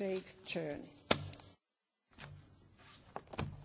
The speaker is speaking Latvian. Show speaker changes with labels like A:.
A: safe journey.